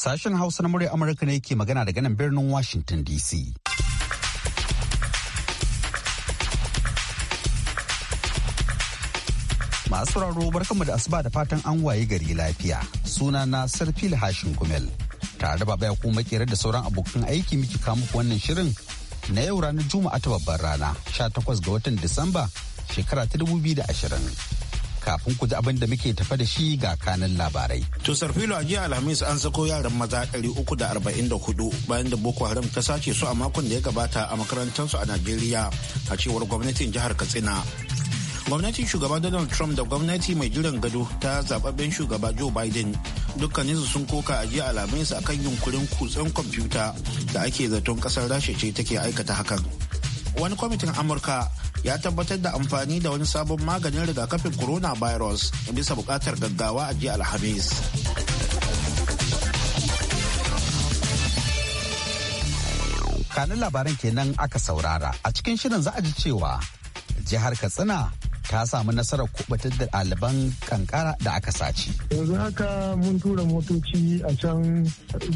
Sashen Hausa na murya Amurka ne ke magana daga nan birnin Washington DC. Masu raro barkanmu da asuba da fatan an waye gari lafiya. Suna na Sarfil Hashin Gumel. Tare da baba ku makera da sauran abokan aiki miki muku wannan shirin na yau ranar Juma'a ta babbar rana 18 ga watan Disamba shekara ta 2020. kafin ku ji abin da muke tafa da shi ga kanin labarai. To Sarfilo a jiya Alhamis an sako yaran maza 344 bayan da Boko Haram ta sace su a makon da ya gabata a makarantarsu a Najeriya a cewar gwamnatin jihar Katsina. Gwamnatin shugaba Donald Trump da gwamnati mai jiran gado ta zababben shugaba Joe Biden dukkaninsu sun koka a jiya Alhamis akan yunkurin kutsen kwamfuta da ake zaton kasar Rasha ce take aikata hakan. wani kwamitin amurka ya tabbatar da amfani da wani sabon maganin rigakafin corona virus coronavirus bisa bukatar gaggawa a jiya alhamis kanin labaran kenan aka saurara a cikin shirin za a ji cewa jihar katsina ta samu nasarar kubutar da ɗaliban kankara da aka sace. yanzu haka mun tura motoci a can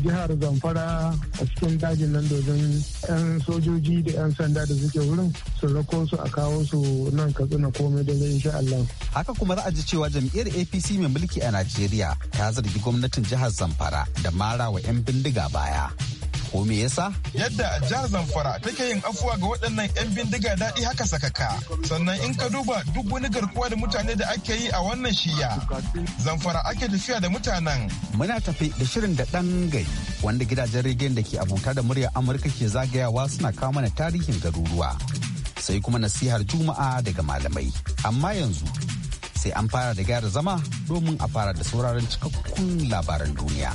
jihar zamfara a cikin dajin nan domin 'yan sojoji da 'yan sanda da suke wurin su rako su a kawo su nan katsina komai da zai insha Allah. haka kuma za a ji cewa jam'iyyar apc mai mulki a najeriya ta zargi gwamnatin jihar zamfara da mara wa 'yan bindiga baya ko me yasa? Yadda jihar Zamfara take yin afuwa ga waɗannan 'yan bindiga daɗi haka sakaka. Sannan in ka duba duk wani garkuwa da mutane da ake yi a wannan shiya. Zamfara ake tafiya da mutanen. Muna tafi da shirin da ɗan gai wanda gidajen rediyon da ke abota da murya Amurka ke zagayawa suna kawo mana tarihin garuruwa. Sai kuma nasihar Juma'a daga malamai. Amma yanzu sai an fara da gyara zama domin a fara da sauraron cikakkun labaran duniya.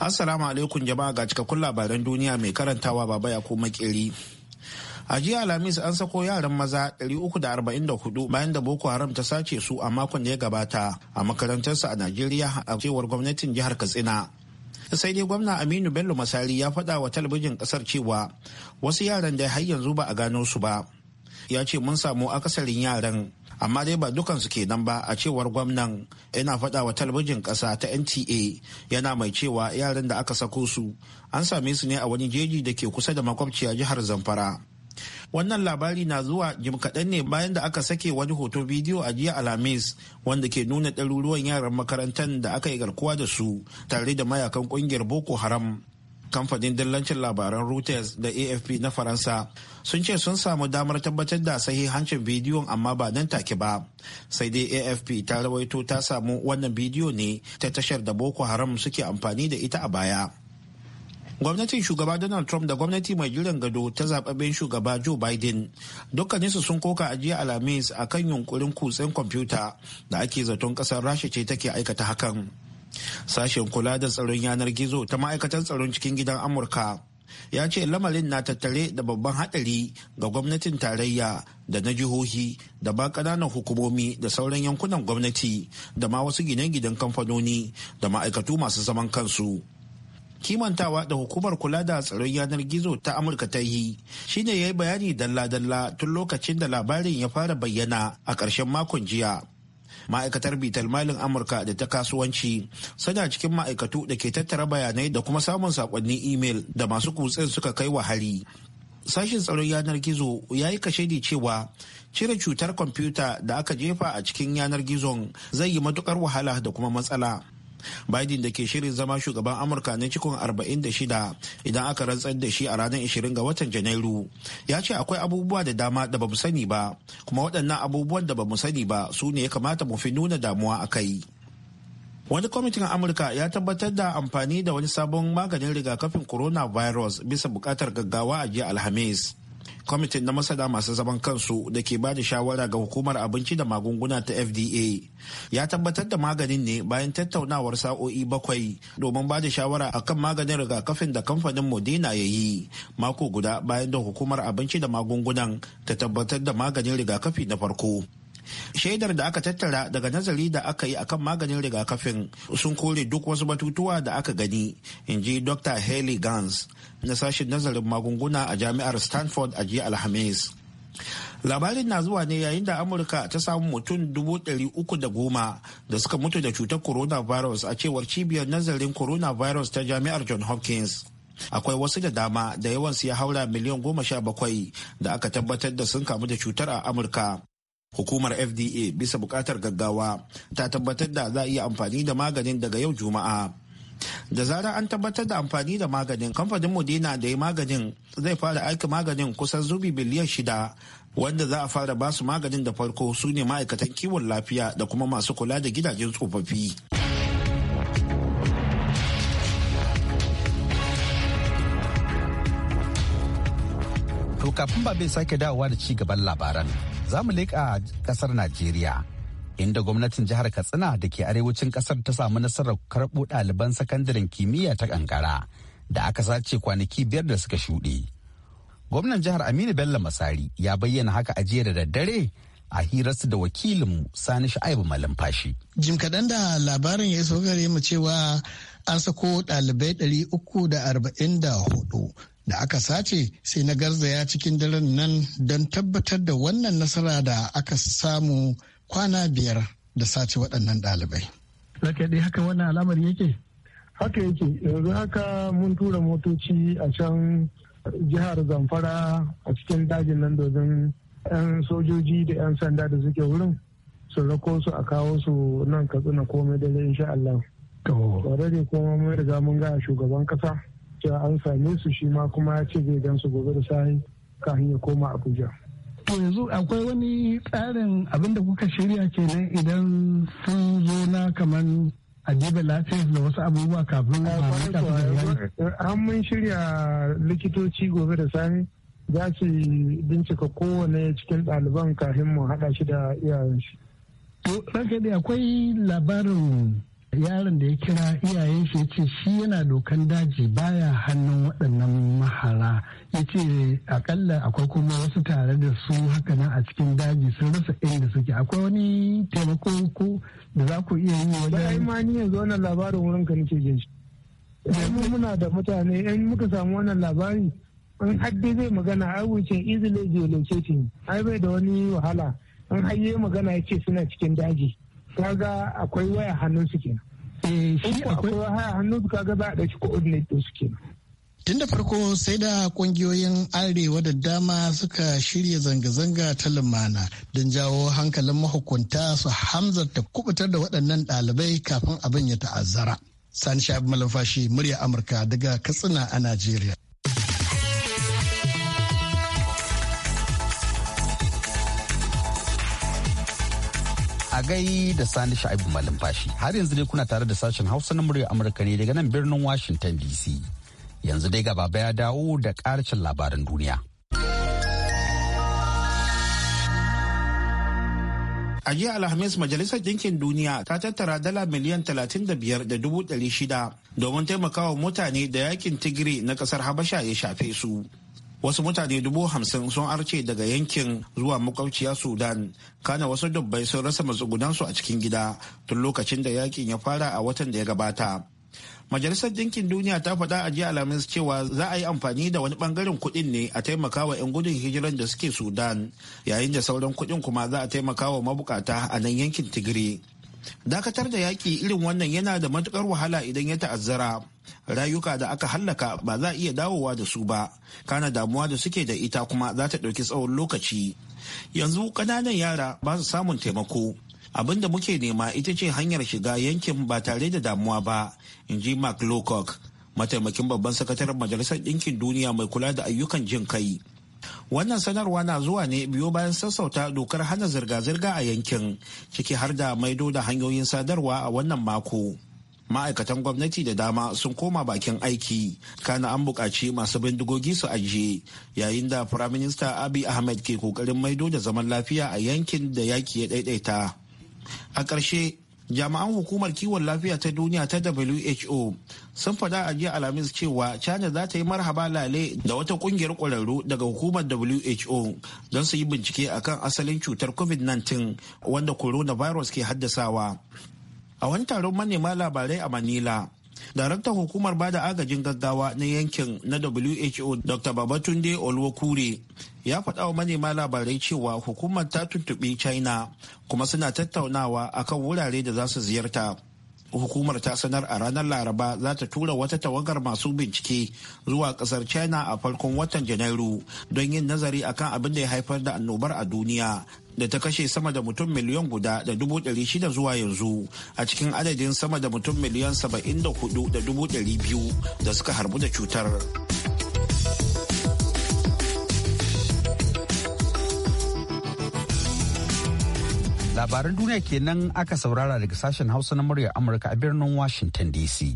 Assalamu alaikum jama'a ga cikakkun labaran duniya mai karantawa baba ya ko makeri. A jiya Alhamis an sako yaran maza 344 bayan da Boko Haram ta sace su a makon da ya gabata a makarantarsa a Najeriya a cewar gwamnatin jihar Katsina. Sai dai gwamna Aminu Bello Masari ya faɗa wa talabijin ƙasar cewa wasu yaran da har yanzu ba a gano su ba. Ya ce mun samu akasarin yaran amma dai ba dukansu kenan ba a cewar gwamnan yana faɗa wa talabijin ƙasa ta nta yana mai cewa yaran da aka sako su an same su ne a wani jeji da ke kusa da makwabciya jihar zamfara wannan labari na zuwa jim kaɗan ne bayan da aka sake wani hoto bidiyo a jiya alhamis wanda ke nuna ɗaruruwan yaran makarantar da aka yi garkuwa da su tare da mayakan ƙungiyar boko haram kamfanin dillancin labaran reuters da afp na faransa sun ce sun samu damar tabbatar da sahi hancin bidiyon amma ba nan take ba sai dai afp ta rawaito ta samu wannan bidiyo ne ta tashar da boko haram suke amfani da ita a baya gwamnatin shugaba donald trump da gwamnati mai jiran gado ta zababben shugaba joe biden dukkaninsu sun koka ajiye alamis alhamis a kan yunkurin kutsen kwamfuta da ake zaton kasar rasha ce take aikata hakan Sashen kula da tsaron yanar gizo ta ma'aikatar tsaron cikin gidan Amurka ya ce lamarin na tattare da babban haɗari ga gwamnatin tarayya da na jihohi da ba ƙananan hukumomi da sauran yankunan gwamnati da ma wasu gine-ginen kamfanoni da ma'aikatu masu zaman kansu. kimantawa da hukumar kula da tsaron yanar gizo ta amurka ta yi shine ya yi bayani dalla-dalla tun lokacin da labarin ya fara bayyana a ƙarshen makon jiya ma'aikatar bitar malin amurka da ta kasuwanci suna cikin ma'aikatu da ke tattara bayanai da kuma samun sakonnin imel da masu kutsen suka kai wa hari sashen tsaron yanar gizo ya yi kashedi cewa cire cutar kwamfuta da aka jefa a cikin yanar gizon zai yi matukar wahala da kuma matsala Biden da ke shirin zama shugaban Amurka na cikon 46 idan aka rantsar da shi a ranar 20 ga watan Janairu. Ya ce akwai abubuwa da dama da bamu sani ba, kuma waɗannan abubuwan da bamu sani ba su ne ya kamata mu fi nuna damuwa a kai. Wani kwamitin Amurka ya tabbatar da amfani da wani sabon maganin rigakafin coronavirus bisa buƙatar gaggawa a jiya Alhamis. kwamitin na masana masu zaman kansu da ke ba da shawara ga hukumar abinci da magunguna ta fda ya tabbatar da maganin ne bayan tattaunawar sa'o'i bakwai domin ba da shawara kan maganin rigakafin da kamfanin modena ya yi mako guda bayan da hukumar abinci da magungunan ta tabbatar da maganin rigakafi na farko shaidar da aka tattara daga nazari da aka yi akan maganin rigakafin sun kore duk wasu batutuwa da aka gani in ji dr haley gans na sashen nazarin magunguna a jami'ar stanford a jiya alhamis labarin na zuwa ne yayin da amurka ta samu mutum dubu uku da goma da suka mutu da cutar coronavirus a cewar cibiyar nazarin coronavirus ta jami'ar john hopkins akwai wasu da dama da yawansu ya haura miliyan goma sha bakwai da aka tabbatar da sun kamu da cutar a amurka Hukumar FDA bisa bukatar gaggawa ta tabbatar da za a iya amfani da maganin daga yau Juma'a. Da zarar an tabbatar da amfani da maganin, kamfanin Modena da ya maganin zai fara aiki maganin kusan zubi biliyan shida wanda za a fara basu maganin da farko su ne ma'aikatan kiwon lafiya da kuma masu kula da gidajen tsofaffi. To kafin ba bai sake dawowa da ci gaban labaran. za mu leƙa ƙasar Najeriya. Inda gwamnatin jihar Katsina da ke arewacin ƙasar ta samu nasarar karɓo ɗaliban sakandaren kimiyya ta ƙanƙara da aka sace kwanaki biyar da suka shuɗe. Gwamnan jihar Aminu Bello Masari ya bayyana haka a jiya da daddare a hirarsu da wakilinmu Sani Sha'ibu Malumfashi. Jim kaɗan da labarin ya iso gare mu cewa an sako ɗalibai 344 da aka sace sai na garzaya cikin daren nan don tabbatar da wannan nasara da aka samu kwana biyar da sace waɗannan ɗalibai. Zaka dai haka wannan alamar yake? Haka yake, yanzu haka mun tura motoci a can jihar Zamfara a cikin dajin nan domin 'yan sojoji da 'yan sanda da suke wurin su rako su a kawo su nan katsina komai dare insha Allah. Tare da kuma mun riga mun ga shugaban kasa cewa an same su shi ma kuma ya ce zai su gobe da sahi kafin ya koma abuja to yanzu akwai wani tsarin abin da kuka shirya kenan idan sun zo na kamar a jiba lafiya da wasu abubuwa kafin an eh, mun shirya likitoci gobe da sahi za su bincika kowane cikin ɗaliban kafin mu haɗa shi da iyayen shi. To, ranka akwai labarin yaron da ya kira iyayen shi ya ce shi yana dokan daji baya hannun waɗannan mahara ya ce akalla akwai kuma wasu tare da su haka nan a cikin daji sun rasa inda suke akwai wani taimako ko da za ku iya yi wajen bayan ma ni yanzu wannan labarin wurin ka nake jin shi muna da mutane in muka samu wannan labari in haddi zai magana ai wuce easily geolocating ai bai da wani wahala in haye magana yace suna cikin daji kaga akwai waya hannun su kenan eh, akwai waya hannun su kaga za a ɗauki coordinate su kenan Tun da farko sai da ƙungiyoyin arewa da dama suka shirya zanga-zanga ta lumana don jawo hankalin mahukunta su ta kubutar da waɗannan ɗalibai kafin abin ya ta'azzara. Sani Shabi Malamfashi, murya Amurka daga Katsina a Najeriya. gai da sani sha'ibu Fashi har yanzu dai kuna tare da sashen hausa na murya amurka ne daga nan birnin washington dc yanzu dai gaba ya dawo da karcin labaran duniya a jiya alhamis majalisar ɗinkin duniya ta tattara dala miliyan 35,600 domin taimakawa mutane da yakin tigiri na ƙasar habasha ya shafe su wasu mutane dubu hamsin sun arce daga yankin zuwa makwabciya sudan kana wasu dubbai sun rasa matsugunansu a cikin gida tun lokacin da yakin ya fara a watan da ya gabata majalisar dinkin duniya ta faɗa a jiya alhamis cewa za a yi amfani da wani ɓangaren kuɗin ne a taimaka wa 'yan gudun hijiran da suke sudan yayin da sauran kuɗin kuma za a taimaka wa mabukata a nan yankin tigiri dakatar da yaƙi irin wannan yana da matuƙar wahala idan ya ta'azzara rayuka da aka hallaka ba za a iya dawowa da su ba kana damuwa da suke da ita kuma za ta ɗauki tsawon lokaci yanzu ƙananan yara ba su samun taimako abin da muke nema ita ce hanyar shiga yankin ba tare da damuwa ba in ji mark lowcock mataimakin babban sakataren majalisar ɗinkin duniya mai kula da ayyukan jin kai Wannan sanarwa na zuwa ne biyo bayan sassauta dokar hana zirga-zirga a yankin, ciki har da maido da hanyoyin sadarwa a wannan mako. Ma'aikatan gwamnati da dama sun koma bakin aiki, kana an buƙaci masu bindigogi su ajiye, yayin da Firaminista abi Ahmed ke ƙoƙarin maido da zaman lafiya a yankin da yaki ya ɗaiɗaita. A ƙarshe, jami'an hukumar kiwon lafiya ta duniya ta who sun faɗa a jiya alhamis cewa china za ta yi marhaba lale da wata kungiyar ƙwararru daga hukumar who don su yi bincike akan asalin cutar covid-19 wanda coronavirus ke haddasawa a wani taron manema labarai a manila daraktan hukumar bada agajin gaggawa na yankin na who dr babatunde olwokure ya faɗa wa manema labarai cewa hukumar ta tuntuɓi china kuma suna tattaunawa akan wurare da za su ziyarta hukumar ta sanar a ranar laraba za ta tura wata tawagar masu bincike zuwa kasar china a farkon watan janairu don yin nazari akan abin da ya haifar da annobar a duniya da ta kashe sama da mutum miliyan guda da dubu ɗari shida zuwa yanzu a cikin adadin sama da mutum miliyan saba'in da hudu da dubu ɗari biyu da suka harbu da cutar. labaran duniya kenan aka saurara daga sashen hausa na murya amurka a birnin washington dc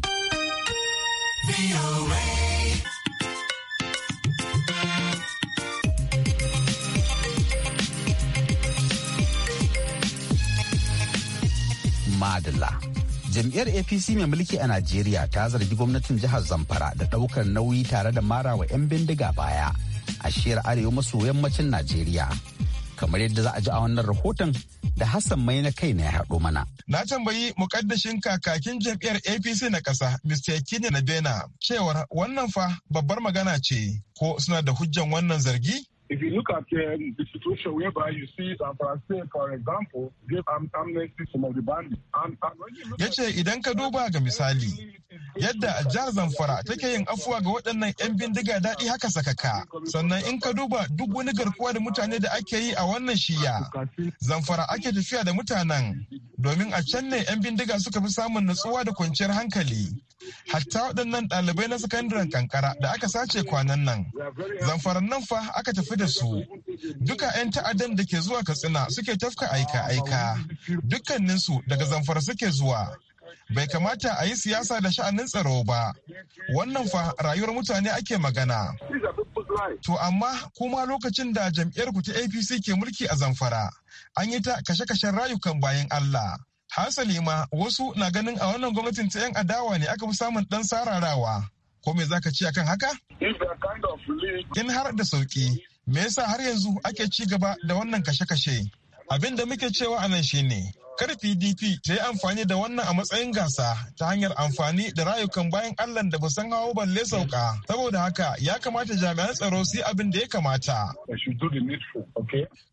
madala jam'iyyar apc mai mulki a najeriya ta zargi gwamnatin jihar zamfara da daukar nauyi tare da marawa 'yan bindiga baya a shiyar arewa maso yammacin najeriya kamar yadda za a ji a wannan rahoton da Hassan mai na kai na ya haɗo mana. Na tambayi mukaddashin kakakin jam'iyyar APC na ƙasa Mr. na Bena cewar wannan fa babbar magana ce ko suna da hujjan wannan zargi? If you look at um, the situation whereby you see San Francisco, for example, amnesty some of the bandits. Ya ce idan ka duba ga misali, yadda a jihar Zamfara take yin afuwa ga waɗannan 'yan bindiga daɗi haka sakaka, sannan in ka duba duk wani garkuwa da mutane da ake yi a wannan shiya, Zamfara ake tafiya da mutanen domin a can ne 'yan bindiga suka fi samun natsuwa da kwanciyar hankali. hatta waɗannan ɗalibai na sakandaren kankara da aka sace kwanan nan zamfaran nan fa aka tafi da su duka 'yan ta'addan da ke zuwa katsina suke tafka aika-aika dukkaninsu daga zamfara suke zuwa bai kamata a yi siyasa da sha'anin tsaro ba wannan fa rayuwar mutane ake magana to amma kuma lokacin da jam'iyyar ku ta apc ke mulki a zamfara an yi ta kashe-kashen rayukan bayan allah hasali ma wasu na ganin a wannan gwamnatin ta 'yan adawa ne aka fi samun ɗan sararawa ko me za ka ci akan haka in har da sauki me yasa har yanzu ake ci gaba da wannan kashe-kashe Abinda muke cewa anan shine Kar PDP ta yi amfani da wannan a matsayin gasa ta hanyar amfani da rayukan bayan Allah da san hawo balle sauka. Saboda haka ya kamata jami'an tsaro su yi abin da ya kamata.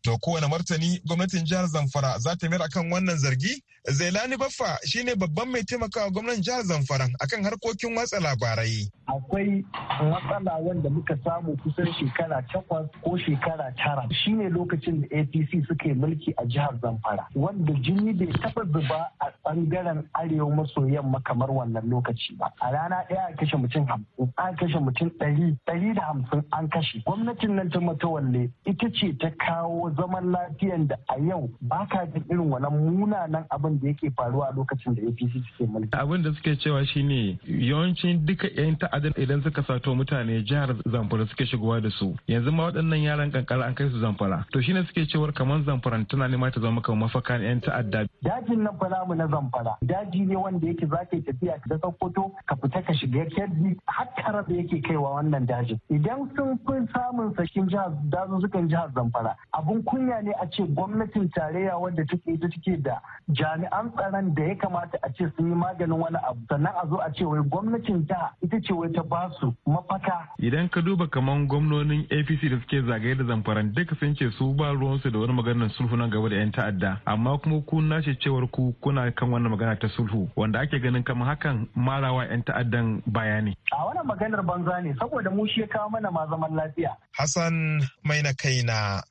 To kowane martani gwamnatin jihar Zamfara za ta mayar akan wannan zargi? Zailani Baffa shine babban mai taimakawa gwamnan jihar Zamfara akan harkokin watsa labarai. Akwai matsala wanda muka samu kusan shekara takwas ko shekara tara shine lokacin da APC suke mulki a jihar Zamfara wanda jini bai taɓa zuba a ɓangaren arewa maso yamma kamar wannan lokaci ba a rana ɗaya a kashe mutum hamsin an kashe mutum ɗari ɗari da hamsin an kashe gwamnatin nan ta matawalle ita ce ta kawo zaman lafiyan da a yau ba ka jin irin wannan munanan abin da yake faruwa a lokacin da apc suke mulki abin da suke cewa shine yawancin duka yan ta'adda idan suka sato mutane jihar zamfara suke shigowa da su yanzu ma waɗannan yaran kankara an kai su zamfara to shi shine suke cewar kamar zamfara tana nema ta zama kamar mafakan yan ta'adda dajin nan fa namu na zamfara daji ne wanda yake za ka tafiya ka sokoto ka fita ka shiga kebbi har tara da yake kaiwa wannan dajin idan sun fi samun sakin jihar dazuzzukan jihar zamfara abun kunya ne a ce gwamnatin tarayya wadda take ita take da jami'an tsaron da ya kamata a ce sun yi maganin wani abu sannan a zo a ce wai gwamnatin ta ita ce wai ta basu mafaka idan ka duba kamar gwamnonin apc da suke zagaye da zamfara duka sun ce su ba ruwansu da wani maganar sulhu nan gaba da yan ta'adda amma kuma kuna nace cewar ku kuna kan wannan magana ta sulhu wanda ake ganin kamar hakan marawa 'yan ta'addan bayani. A wannan maganar banza ne saboda mu shi kawo mana ma zaman lafiya. Hassan mai na kai na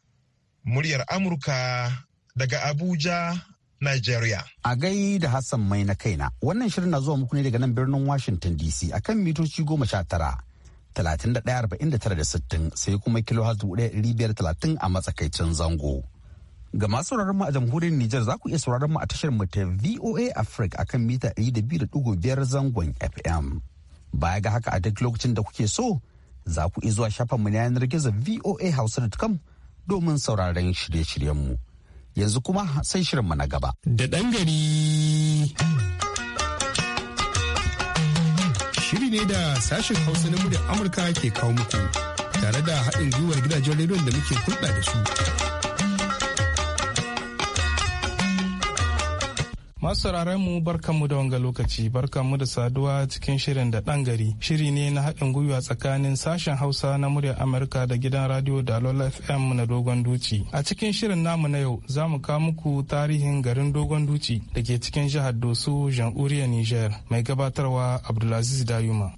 muryar Amurka daga Abuja Nigeria. A gai da Hassan mai na kaina wannan shirin na zuwa muku ne daga nan birnin Washington DC akan mitoci goma sha tara. sittin sai kuma kilo talatin a matsakaicin zango. Ga masu mu a jamhuriyar Nijar za ku iya sauraron mu a tashar mu ta VOA Africa akan mita 200.5 zangon FM. Baya ga haka a duk lokacin da kuke so za ku iya zuwa shafan mu na yanar gizo hausa.com domin sauraron shirye-shiryen mu. Yanzu kuma sai shirin mu na gaba. Da ɗan gari. Shiri ne da sashen Hausa na da Amurka ke kawo muku tare da haɗin gwiwar gidajen rediyon da muke hulɗa da su. Masu mu mu da wanga lokaci mu da saduwa cikin shirin da ɗan gari shiri ne na haɗin gwiwa tsakanin sashen Hausa na muryar Amurka da gidan radio da Lola FM na Dogon Duci. A cikin shirin namu na yau za mu kawo muku tarihin garin Dogon Duci da ke cikin jihar Doso, Jamhuriyar Niger mai gabatarwa Abdulaziz Dayuma.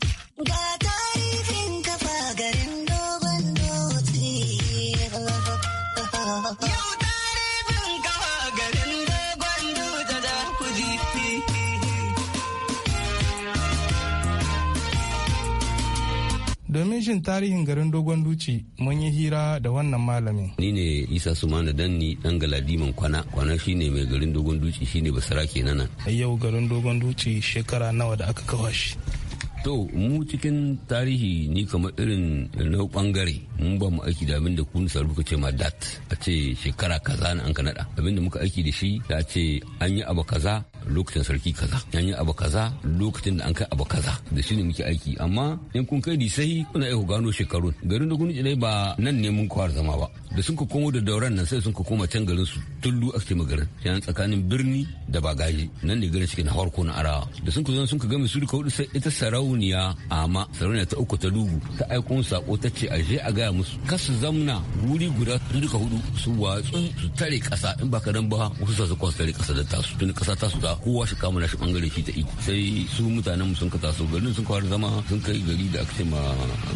jin tarihin garin Dogon Duci mun yi hira da wannan malamin. Ni ne Isa Sumana Danni dan Galadiman Kwana. Kwana shine mai garin Dogon Duci shine basara kenan. Yau garin Dogon Duci shekara nawa da aka kawo shi. to mu cikin tarihi ni kamar irin na bangare mun ba mu aiki da abinda kun sa ce ma dat a ce shekara kaza na an kanada abinda muka aiki da shi da ce an yi abu kaza lokacin sarki kaza an yi abu kaza lokacin da an kai abu kaza da shi ne muke aiki amma in kun kai sai kuna iya gano shekarun garin da kun ba nan ne mun kwar zama ba da sun ka komo da dauran nan sai sun ka koma can garin su tullu a cikin garin yan tsakanin birni da bagaji nan ne garin cikin harko na arawa da sun ka zo sun ka game su duka hudu sai ita sarauniya amma sarauniya ta uku ta lugu ta aiko sako ta ce aje a gaya musu kasu zamna wuri guda su duka hudu su watsu su tare kasa in ba dan ba wasu sa su kwasa tare kasa da tasu tun kasa tasu da kowa shi kama na shi bangare shi ta iko sai su mutanen mu sun ka taso garin sun kawar zama sun kai gari da aka ce ma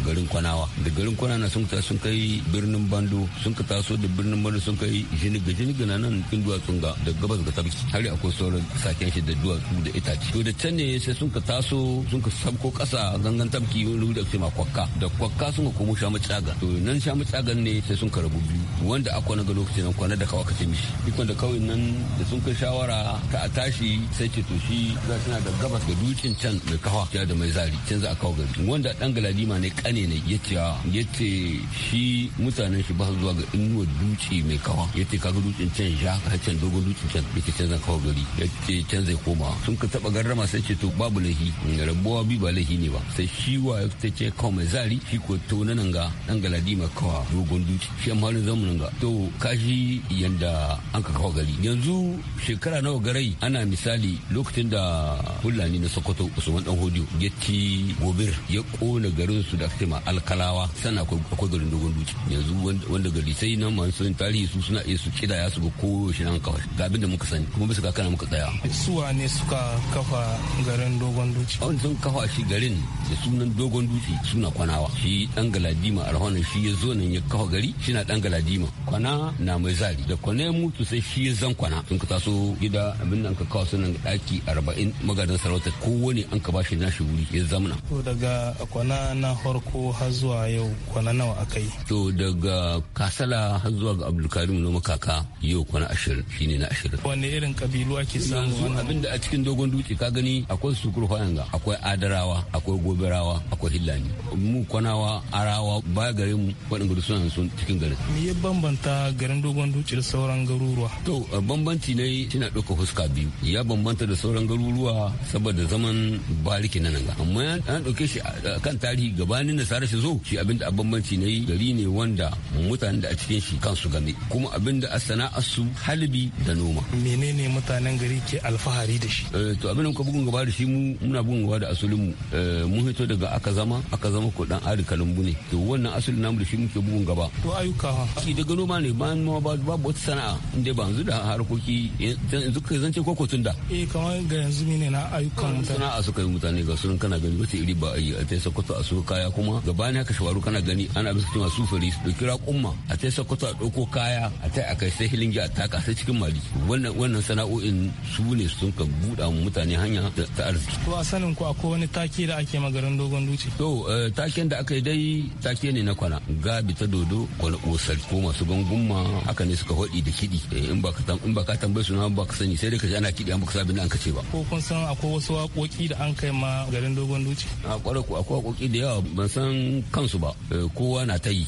garin kwanawa da garin kwana sun ta sun kai birnin bando sun ka taso da birnin mara sun kai jiniga jiniga na nan cikin duwatsun ga da gabas ga tabki har akwai sauran saken shi da duwatsu da itace to da can ne sai sun ka taso sun ka sabko kasa gangan tabki wani da ke ma kwakka da kwakka sun ka komo shamu tsaga to nan shamu tsagan ne sai sun ka rabu biyu wanda a kwana ga lokacin nan kwana da kawa ka ce mishi ikon da kawai nan da sun kai shawara ka a tashi sai ce to shi za suna da gabas ga dutsen can mai kawa da mai zari can za a kawo gari wanda dan galadima ne kane ne ya ce ya ce shi mutanen shi ba su zuwa ga inuwar dutse mai kawa ya ce kaga dutsen can ja ka can dogon dutsen can ya ce can zan kawo gari ya ce can zai koma sun ka taba garrama sai ce to babu lahi rabuwa bi ba lahi ne ba sai shi wa ta ce kawo mai zari shi ko to na nan ga dan galadi mai kawa dogon dutse shi amma ne zamu nan ga to kashi yanda an ka kawo gari yanzu shekara nawa garai ana misali lokacin da fulani na sokoto usman dan hodiyo ya ci gobir ya kona garin su da aka ma alkalawa sana akwai garin dogon dutse yanzu wanda hadisai na masu tarihi su suna iya su kidaya su ga koyaushe nan kawai ga abin da muka sani kuma bisa ga kana muka tsaya suwa ne suka kafa garin dogon duci wanda sun kafa shi garin da sunan dogon duci suna kwanawa shi dan galadima alhonan shi ya zo nan ya kafa gari shi na dan galadima kwana na mai zari da kwana ya mutu sai shi ya zan kwana sun ka taso gida abin da an ka kawo sunan daki arba'in magadan sarauta kowane an ka bashi nashi wuri ya zamana to daga kwana na farko har zuwa yau kwana nawa akai to daga asala har zuwa ga Abdulkarim Noma Kaka yau kwana ashirin shine na ashirin. Wanne irin kabilu ake samu wannan? Abin da a cikin dogon dutse ka gani akwai sukur ga akwai adarawa akwai goberawa akwai hillani mu kwanawa arawa baya gare mu waɗanda suna sun cikin garin. Me ya bambanta garin dogon dutse da sauran garuruwa? To bambanci ne na ɗauka fuska biyu ya bambanta da sauran garuruwa saboda zaman bariki na nan ga amma ya ɗauke shi kan tarihi gabanin da sare shi zo shi abinda a bambanci ne gari ne wanda mutanen da da a cikin shi kansu gani kuma abin da a sana'arsu halibi da noma menene mutanen gari ke alfahari da shi eh, to abin da bugun gaba da shi mu muna bugun gaba da asulin mu eh, mun hito daga aka zama aka zama ko dan ari kalumbu ne to wannan asulin namu da shi muke bugun gaba to ayyuka ha shi daga noma ne ba noma ba babu wata sana'a inda ba yanzu da harkoki yanzu kai zance ko kotun da eh kamar ga yanzu ne na ayyukan mutane sana'a suka yi mutane ga sunan kana gani wata iri ba a yi a tai sako a su kaya kuma gaba ne haka shawaru kana gani ana bisa cewa sufuri da kira kuma a ta sokoto a ɗauko kaya a ta a kai sai hilingi a taka sai cikin mali wannan wannan sana'o'in su ne sun ka buɗa mutane hanya ta arziki. ko a sanin ko akwai wani take da ake magarin dogon duci. to eh, taken da aka yi dai take ne na kwana gabi ta dodo kwana Osar ko masu gangumma haka ne suka hodi da kiɗi eh, in ba ka tambayi su na ba ka sani sai dai ka ji ana kiɗi an baka sabin an ka ce ba. ko kun san akwai wasu waƙoƙi da an kai ma garin dogon duci. a ku akwai waƙoƙi da yawa ban san kansu ba eh, kowa na ta yi.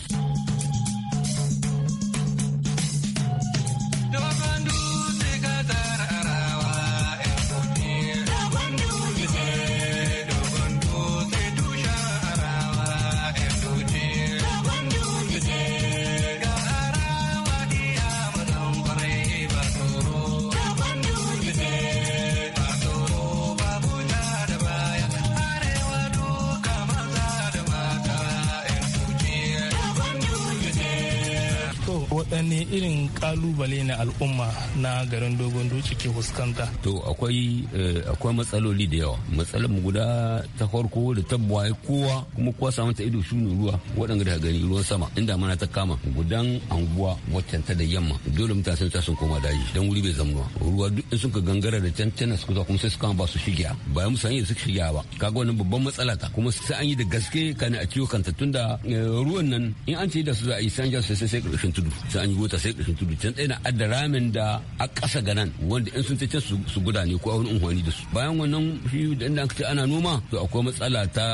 eating kalubale na al'umma na garin dogon doci ke fuskanta to akwai eh, akwai matsaloli da yawa matsalar mu guda ta farko da tabbuwa ya kowa kuma kowa samu ta ido shunin ruwa waɗanda da gani ruwan sama inda mana ta kama gudan anguwa waccan ta da yamma dole mutane ta sun koma daji dan wuri bai zama ruwa duk in sun ka gangara da can tana su kuma sai su kama ba su shigiya ba mu san su shigiya ba kaga wannan babban matsala ta kuma sai an yi da gaske kana a ciwo kanta tunda eh, ruwan nan in an ce da su za a yi sanja sai sai karshen tudu sai an yi wata sai karshen tudu can tsaye na adda ramin da a ƙasa ga nan wanda in sun ta can su gudane ko a wani unhwani da su bayan wannan shi da inda aka ana noma to akwai matsala ta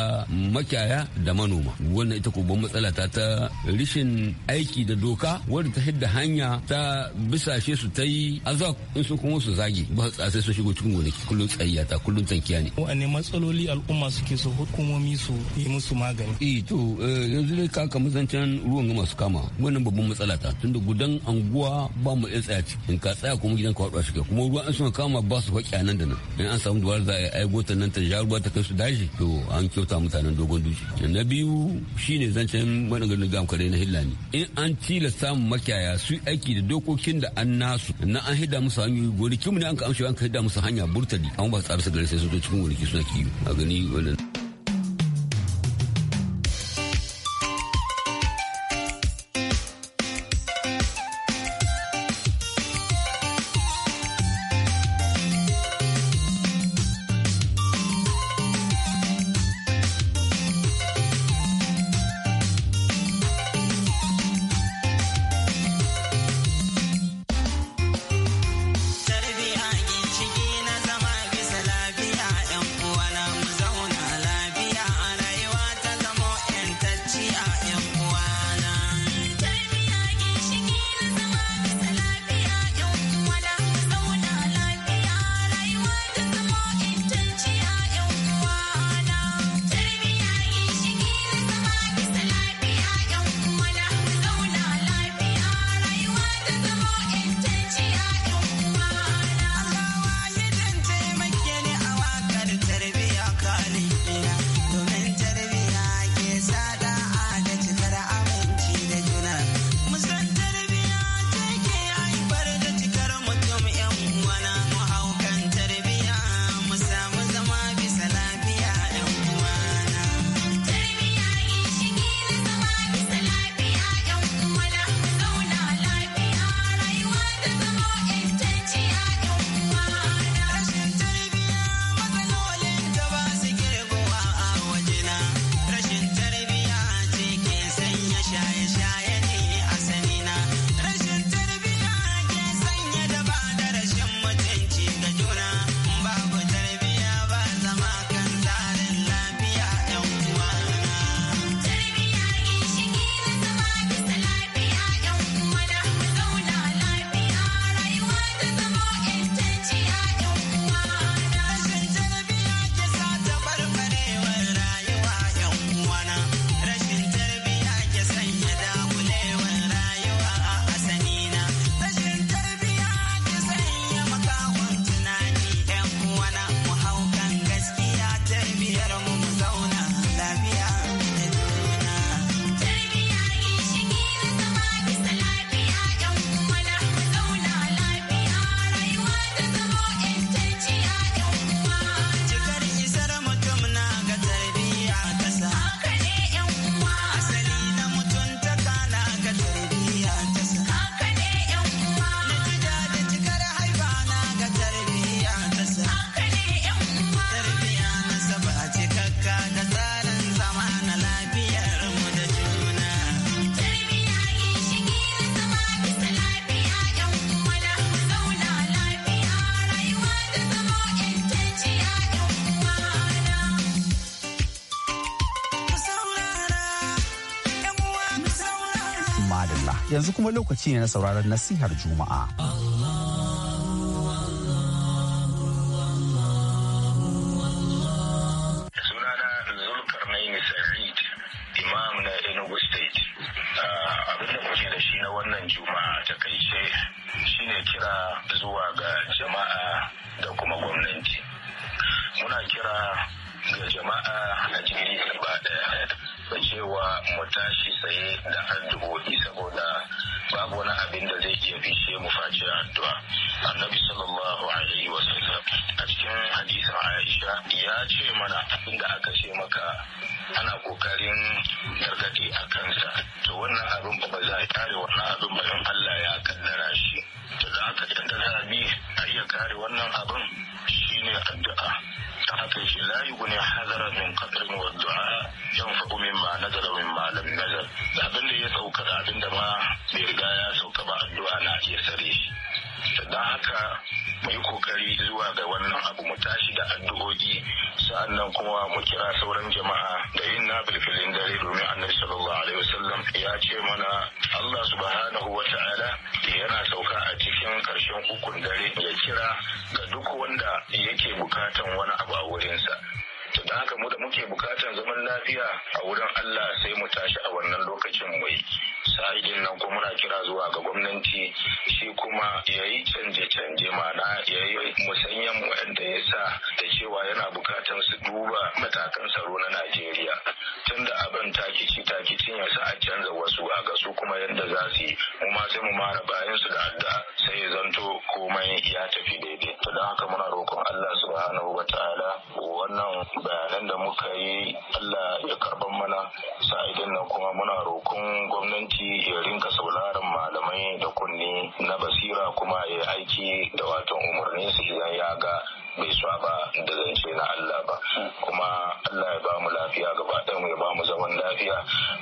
makiyaya da manoma wannan ita ko ban matsala ta ta rishin aiki da doka wanda ta hidda hanya ta bisashe su ta yi azak in sun kuma su zage ba su tsasai su shigo cikin gonaki kullum ta kullum tankiya ne wa'anne matsaloli al'umma suke so hukumomi su yi musu magani eh to eh, yanzu ne ka kamar zancen ruwan masu kama wannan babban matsala ta tunda gudan anguwa unguwa ba mu iya tsaya ciki in ka tsaya kuma gidan ka waɗuwa shiga kuma ruwa an suna kama ba su faƙi a nan da nan in an samu duwar za a yi aigo ta nan ta ja ruwa ta kai su daji to an kyauta mutanen dogon duci na biyu shine zancen maɗangarin gam kare na hillani in an tilasta mu makiyaya su aiki da dokokin da an nasu na an hida musu hanyoyi gonakin mu ne an ka amshi an ka hida musu hanya burtali an ba su tsara su gari sai su zo cikin gonaki suna kiwo a gani wannan yanzu kuma lokaci ne na sauraron nasihar juma'a. su kuma yadda za su yi mu ma sai mu mara bayan su da adda sai ya zanto komai ya tafi daidai to don haka muna roƙon Allah subhanahu wa ta'ala wannan bayanan da muka yi Allah ya karban mana sa'idin nan kuma muna rokon gwamnati ya rinka sauraron malamai da kunni na basira kuma ya aiki da watan umarnin su idan ya ga bai sa ba da zance na Allah ba kuma Allah ya ba mu lafiya gaba ɗaya mu ya ba mu zaman lafiya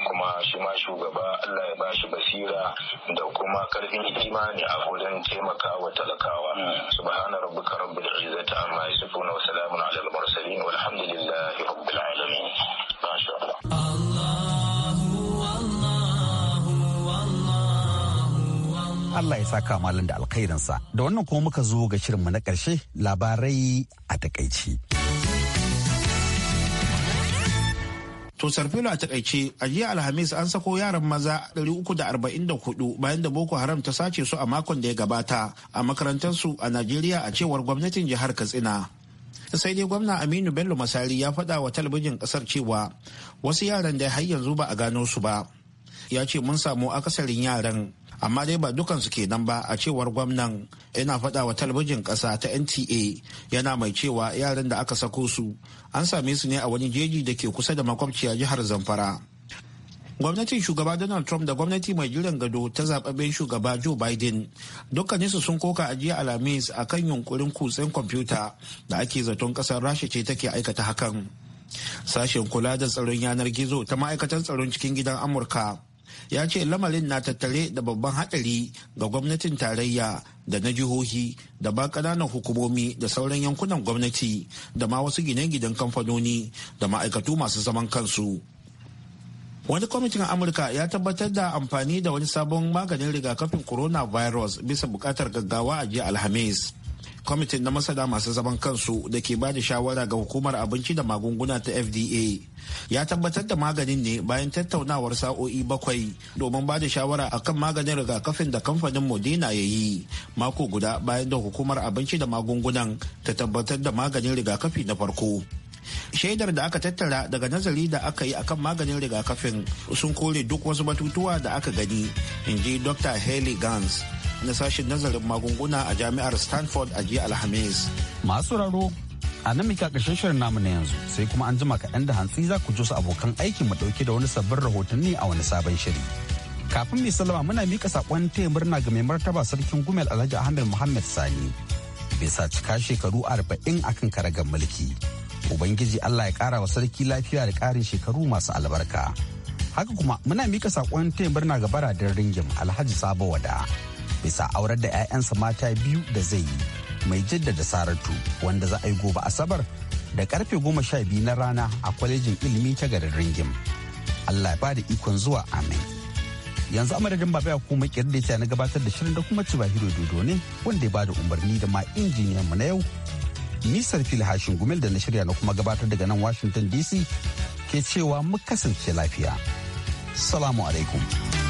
kuma shi ma shugaba Allah ya ba shi basira da kuma karfin imani a wajen taimaka wa talakawa mm. subhana rabbika rabbil izzati amma yasifuna wa salamun alal mursalin والحمد لله Allah ya saka malam da alkhairinsa da wannan kuma muka zo ga shirinmu na ƙarshe labarai a takaici. To Sarfilo a takaice a jiya Alhamis an sako yaran maza 344 bayan da Boko Haram ta sace su a makon da ya gabata a makarantarsu a Najeriya a cewar gwamnatin jihar Katsina. sai dai gwamna aminu bello masari ya faɗa wa talabijin ƙasar cewa wasu yaran da har yanzu ba a gano su ba ya ce mun samu akasarin yaran amma dai ba dukansu kenan ba a cewar gwamnan yana faɗa wa talabijin ƙasa ta nta yana mai cewa yaran da aka sako su an same su ne a wani jeji da ke kusa da makwabciya jihar zamfara gwamnatin shugaba donald trump da gwamnati mai jiran gado ta zababben shugaba joe biden dukkaninsu sun koka ajiye jiya alhamis a kan yunkurin kutsen kwamfuta da ake zaton kasar rasha ce take aikata hakan sashen kula da tsaron yanar gizo ta ma'aikatan tsaron cikin gidan amurka ya ce lamarin na tattare da babban hadari ga gwamnatin tarayya da na jihohi da ba kananan hukumomi da sauran yankunan gwamnati da ma wasu gine-ginen kamfanoni da ma'aikatu masu zaman kansu. wani kwamitin amurka ya tabbatar da amfani da wani sabon maganin rigakafin corona virus bisa bukatar gaggawa a jiya alhamis kwamitin na masana masu zaman kansu da ke ba da shawara ga hukumar abinci da magunguna ta fda ya tabbatar da maganin ne bayan tattaunawar sa'o'i bakwai domin ba da shawara akan maganin rigakafin da kamfanin modena ya yi mako guda bayan da hukumar abinci da magungunan ta tabbatar da maganin rigakafi na farko shaidar da aka tattara daga nazari da aka yi akan maganin rigakafin sun kore duk wasu batutuwa da aka gani in ji dr haley gans na sashen nazarin magunguna a jami'ar stanford a jiya alhamis masu raro a nan mika ƙarshen shirin namu na yanzu sai kuma an jima kaɗan da hantsi za ku ji su abokan aikin mu ɗauki da wani sabbin rahotanni a wani sabon shiri kafin mai salama muna mika saƙon taya murna ga mai martaba sarkin gumel alhaji ahmed muhammad sani bisa cika shekaru arba'in akan karagar mulki ubangiji allah ya kara wa sarki lafiya da karin shekaru masu albarka haka kuma muna mika sakon taya murna ga baradin ringim alhaji sabo wada bisa aurar da 'ya'yansa mata biyu da zai yi mai jaddada saratu wanda za a yi gobe asabar da karfe goma sha biyu na rana a kwalejin ilimi ta garin ringim allah ya bada ikon zuwa amin yanzu amadadin baba ya kuma ta na gabatar da shirin da kuma cibahiro dodo ne wanda ya bada umarni da ma injiniyan mu na yau Nisar fil hashin gumel da na shirya na kuma gabatar daga nan Washington DC ke cewa mu kasance lafiya. Salamu alaikum.